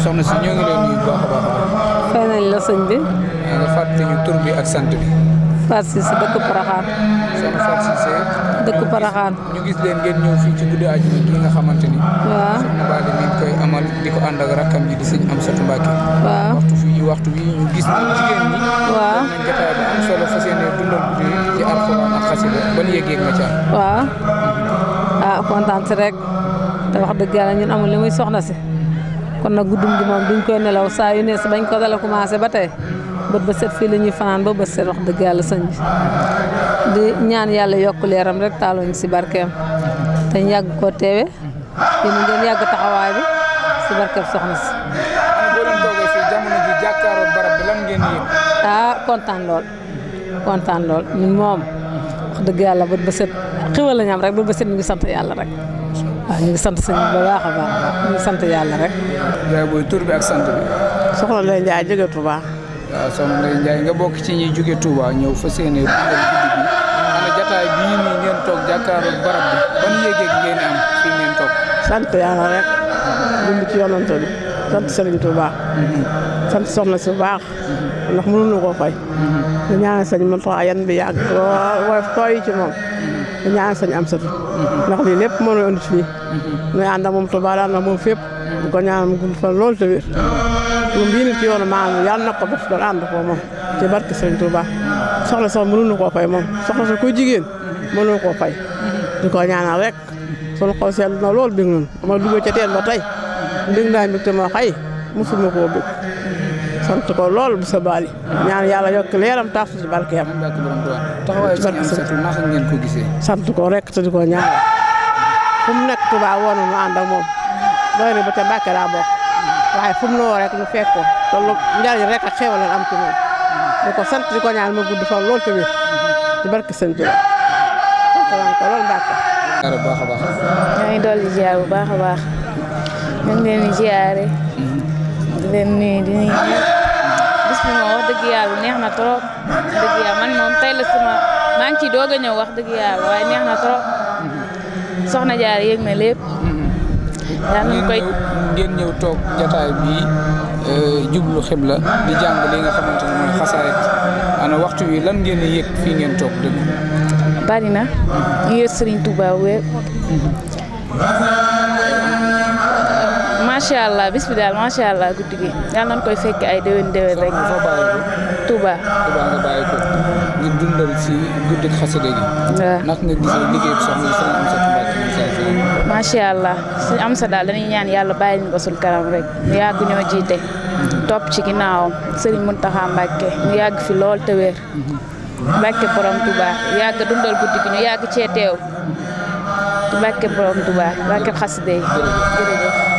soxna si ñoo ngi leen nuyu bu baax a baax a fay nañ la sëñ bi. nga fàttali ñu tur bi ak sant bi. Fatou Cissé dëkk Paraxaan. soxna Fatou Cissé. dëkk Paraxaan. ñu gis leen ngeen ñëw fii ci guddi àjjuma gi nga xamante ni. waaw soxna Bally mi ngi koy amal di ko ànd ak rakkam ji di sëñ Amsatou Mbacke. waaw waxtu fii waxtu wii ñu gis ñu jigéen ñi. waaw nañ jotaay bu am solo fas yéene dundal guddi ci alxuraan ak xasida ban yëg-yëg nga ci am. waaw ah kontaan si rek te wax dëgg yàlla ñun amul li muy soxna si kon nag guddum gi moom duñ koy nelaw saa yu nees bañ ko dala commencé ba tey bët ba set fii la ñuy fanaan ba bët set wax dëgg yàlla sëñ di ñaan yàlla yokk leeram rek ñu si barkeem te ñu yàgg koo teewe yéen ngeen yàgg taxawaay bi si barkeem soxna si. ah kontaan lool kontaan lool ñun moom wax dëgg yàlla bët ba set xéwal la am rek ba ba set sant yàlla rek waaw sant sëñ a sant yàlla rek. booy tur bi ak sant bi. soxna Ndeye Ndiaye jóge Touba. waaw soxna nga bokk ci ñi jóge Touba ñëw fas yéene bu toog jàkkaaru barab bi ban yéeg ngeen am fii sant ci yoonante sant Serigne Touba. sant soxna si baax. ndax mënuñu koo mhm. ci moom. dañu ànd sañ am sëtu ndax lii lépp moo ñu indi fii ñu ànd ak moom Tuubaa ànd ak moom fépp di ko ñaan mu gudd fan loolu te wér moom bii na ko def doon ànd ko moom ci barke Sëriñ Tuubaa soxla sax mënuñu koo fay moom soxla sax ko jigéen mënuñu koo fay di ko ñaanal rek sunu xol seetlu na lool bi noonu ma duggee ca teen ba tey ndég naa mbégte moo xay mosuma koo bëgg sant ko lool bu sa baali ñaan yàlla yokk leeram taasu ci barkeem sant ko rek te di ko ñaan fu mu nekk Tuubaa woonu nu ànd ak moom doy na ba ca Mbàkke daa waaye fu mu noo rek ñu fekk ko te lu am ci moom ko sant di ko ñaan ma gudd fan lool tamit ci barke sëñ Tuubaa sant lool Mbàkke ñoo ngi dolli bu baax a dëgg yàlla neex na trop dëgg yàlla man moom tey la sama maa ngi ciy doog a ñëw wax dëgg yàlla waaye neex na trop soxna jaar yëg na lépp yaa ngi koy ngeen ñëw toog jataay bi euh, jublu xibla di jàng li nga xamante ne mooy xasaayit waxtu wi lan ngeen yëg fii ngeen toog dëgg bari na ñu mm-hmm. yëg Serigne Touba wér mm-hmm. macha allah bis bi daal macha allah guddi gi yal nañu koy fekk ay déwén déwén rek. Touba Touba nga am sa allah suñu am sa daal dañuy ñaan yàlla bàyyi ñu ko suñu kanam rek mu yàgg ñoo jiite. Mhm. topp ci ginnaawam Serigne Mountakha Mbàkke mu yàgg fi lool te wér. Mhm. Mbàkke borom Touba yàgg dundal guddi gi ñu yàgg cee teew mhm. Mbàkke borom Touba Mbàkke xasida yi jërëjëf.